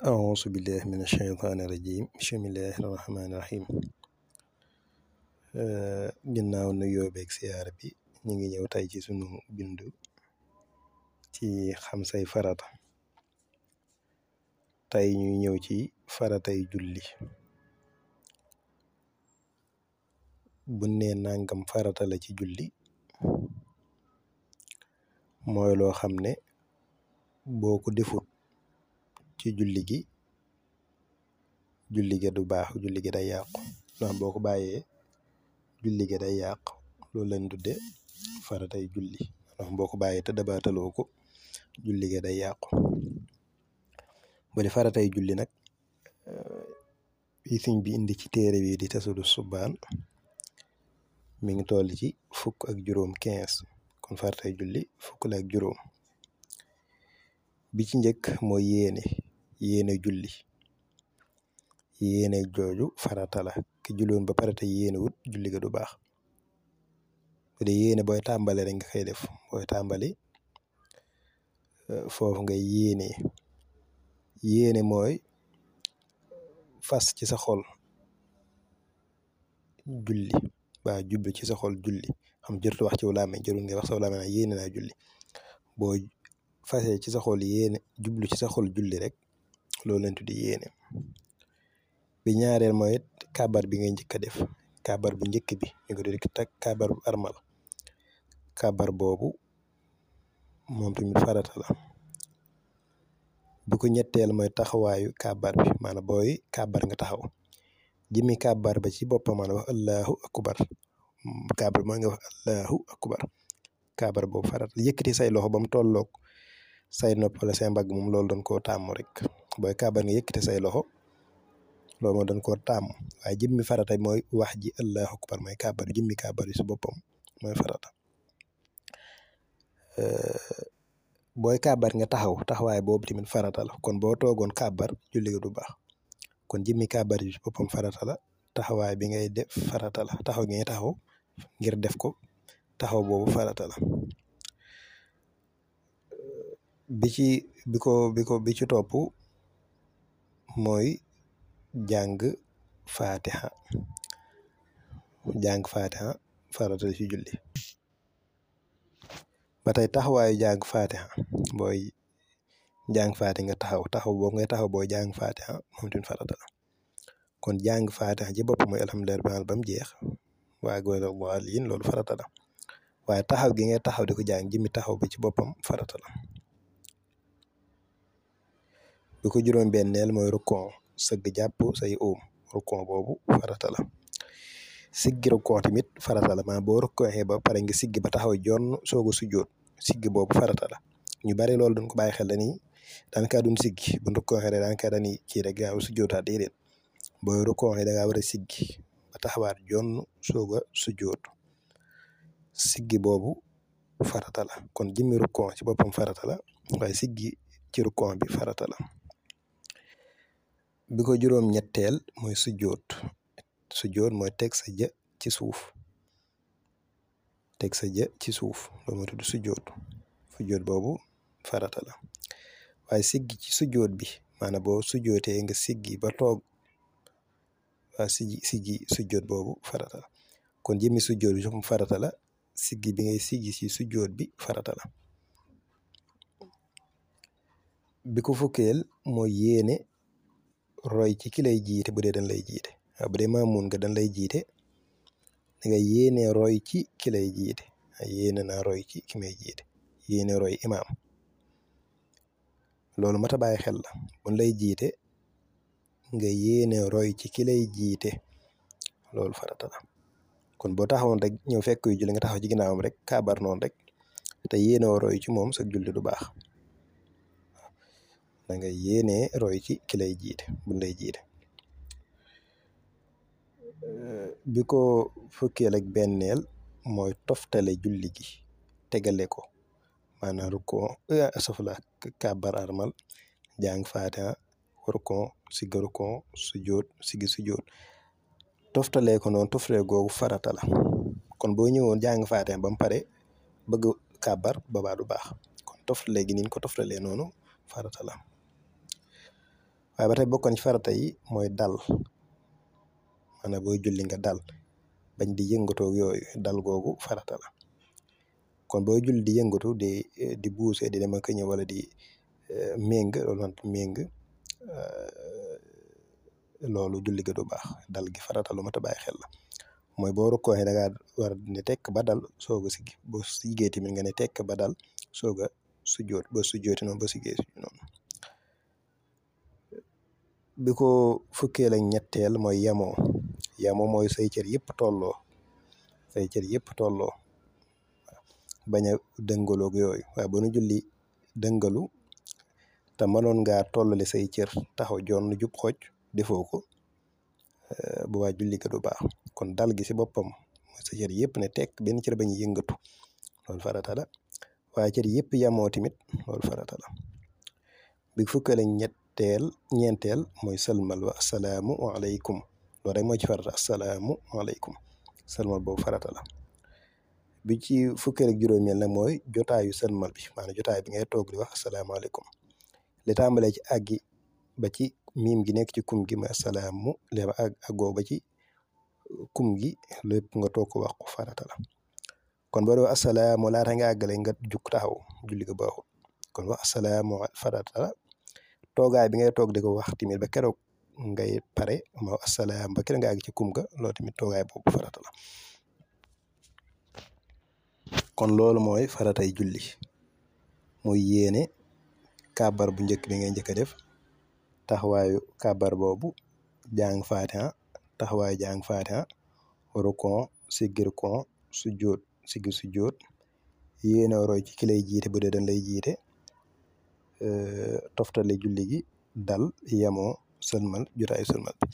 Auzu billahi min ashaytaani rajim bismillahi rahmaani rahim eh, ginnaaw nu yóobeeg siyaar bi ñu ngi ñëw tey ci sunu bindu ci xam say farata tey ñu ñëw ci faratay julli bu nangam farata la ci julli mooy loo xam ne boo ko ci julli gi julli ga du baax julli gi day yàqu ndax boo ko bàyyee julli ga day yàqu loolu lañ tudde faratay julli ndax boo ko bàyyee te dabaataloo ko julli ga day yàqu bu dee faratay julli nag yi indi ci téere bi di tasadu subaan mi ngi toll ci fukk ak juróom quinze kon faratay julli fukk la juróom bi ci njëkk mooy yéene yéene julli yéene jooju farata la ki julliwoon ba pare te yéene wut julli ga du baax bu dee yéene booy tàmbali rek nga koy def booy tàmbali euh, foofu nga yéene yéene mooy fas ci sa xol julli baa jublu ci sa xol julli xam jërtu wax ci wu laame jërul nga wax sa wu laame naa yéene naa julli boo fasee ci sa xol yéene jublu ci sa xol julli rek loolu lañ tuddee yéene bi ñaareel mooy it kabar bi ngay njëkk a def kabar bu njëkk bi ñu ko bu armal kabar boobu moom tamit farata la bu ko ñetteel mooy taxawaayu kabar bi maanaam booy kabar nga taxaw jëmi kabar ba ci boppam maanaam wax allahu akbar kabar maa nga wax allahu akbar kabar boobu farata say loxo ba mu tolloog say nopp la say mbagg moom loolu doon koo taamu rek. booy kàbbar nga yëkkate say loxo loolu moom dañ koo taam waaye jëmmi farata mooy wax ji allahu akbar mooy kàbbar jëmmi kàbbar yi su boppam mooy farata booy kàbbar nga taxaw taxawaay boobu tamit farata la kon boo toogoon kàbbar julli du baax kon jëmmi kàbbar farata la taxawaay bi ngay def farata la taxaw gi ngay taxaw ngir def ko taxaw boobu farata la bi ci bi ko mooy jàng faatiha jàng faatiha farata la ci julli ba tey taxawaayu jàng faatiha booy jàng faate nga taxaw taxaw boobu ngay taxaw booy faate faatiha moom tamit farata la kon jàng faatiha ci bopp mooy alhamdulilah rabbil aalamiin ba mu jeex waa goyla waalin loolu farata la waaye taxaw gi ngay taxaw de ko jàng jëmmi taxaw bi ci boppam farata bi ko juróom-benneel mooy rukkon sëgg jàpp say óom rukkon boobu farata siggi rukkon tamit farata la maa boo rukkonee ba pare nga siggi ba taxaw jonn soog a sujjoot siggi boobu faratala ñu bari loolu duñ ko bàyyi xel dañuy daanaka duñ siggi bu rukkonee rek daanaka dañuy kii rek gaaw sujjootaat déedéet booy rukkonee da ngaa war taxawaat jonn soog a sujjoot kon jëmmi rukkon ci boppam farata la waaye siggi ci bi farata biko ko juróom-ñetteel mooy sujjoot sujjoot mooy teg sa jë ci suuf teg sa jë ci suuf loolu moo tudd sujjoot sujjoot boobu farata la waaye siggi sujjoot bi maana boo sujjootee nga siggi ba toog waaye si siggi sujjoot boobu farata la kon jëmmi sujjoot bi sum farata siggi bi ngay siggi ci sujjoot bi farata la fukkeel mooy yéene roy ci ki lay jiite bu dee dañ lay jiite waaw bu dee maamuun nga dañ lay jiite da nga yéene roy ci ki lay jiite yéene naa roy ci ki may jiite yéene roy loolu mat a bàyyi xel la buñ lay jiite nga yéene roy ci ki lay jiite loolu farata la kon boo taxawoon rek ñëw fekk yu julli nga taxaw ci ginnaawam rek kaabar noonu rek te yéene roy ci moom sa julli du baax da nga yéenee roy ci ki lay jiite bu lay jiite bi ko fukkeel ak benneel mooy toftale julli gi tegale ko maanaam rukkoo safla kàbbar armal jàng faatiha rukkoo sigga rukkoo sujjóot siggi sujjóot ko noonu toftale googu farata la kon boo ñëwoon jàng faatiha ba mu pare bëgg kàbbar boobaa du baax kon toftale gi niñ ko toftalee noonu farata waaye ba tey bokkoon ci farata yi mooy dal maanaam booy julli nga dal bañ di yëngatoog yooyu dal googu farata la kon booy julli di yëngatu di di buuse di dem wala di eh, méng loolu man méng eh, du baax dal gi farata lu mat a bàyyi xel la mooy boo rukkoo da ngaa war ne tekk ba dal soog a siggi boo nga ne tekk ba dal soog a sujjoot ba sujjooti noonu ba bi ko fukkeel ak ñetteel mooy yemoo yemoo mooy say cër yëpp tolloo say cër yëpp tolloo bañ a dëngaloog yooyu waaye ba nu julli dëngalu te mënoon ngaa tollale say cër taxaw joon jub xoj defoo ko eh, bu waa julli ga baax kon dal gi si boppam mooy sa yëpp ne tekk benn cër bañ yëngatu loolu farata la waaye cër yëpp yemoo tamit loolu farata la ñett ñetteel ñeenteel mooy sëlmal wa asalaamu aleykum loolu rek ci farata asalaamu aleykum salma boobu farata la bi ci fukkeel ak juróomeel nag mooy jotaayu sëlmal bi maanaam jotaay bi ngay toog di wax asalaamaaleykum li tàmbalee ci àggi ba ci miim gi nekk ci kum gi mooy asalaamu léema àgg àggoo ba ci kum gi lépp nga toog ko wax ko farata kon boo dee nga àggale taxaw julli ko kon wax asalaamu farata toogaay bi ngay toog di ko wax tamit ba keroog ngay pare ma asalaam ba keroog nga àgg ci kum ga loolu tamit toogaay boobu farata la kon loolu mooy faratay julli muy yéene kàbbar bu njëkk bi ngay njëkk a def taxawaayu kàbbar boobu jàng faatiha taxawaayu jàng faatiha rukon siggir kon sujjóot siggir sujjóot yéene ci ki lay jiite bu dee dañ lay jiite toftale julli gi dal yemoo sëlmal jotaayu sëlmal bi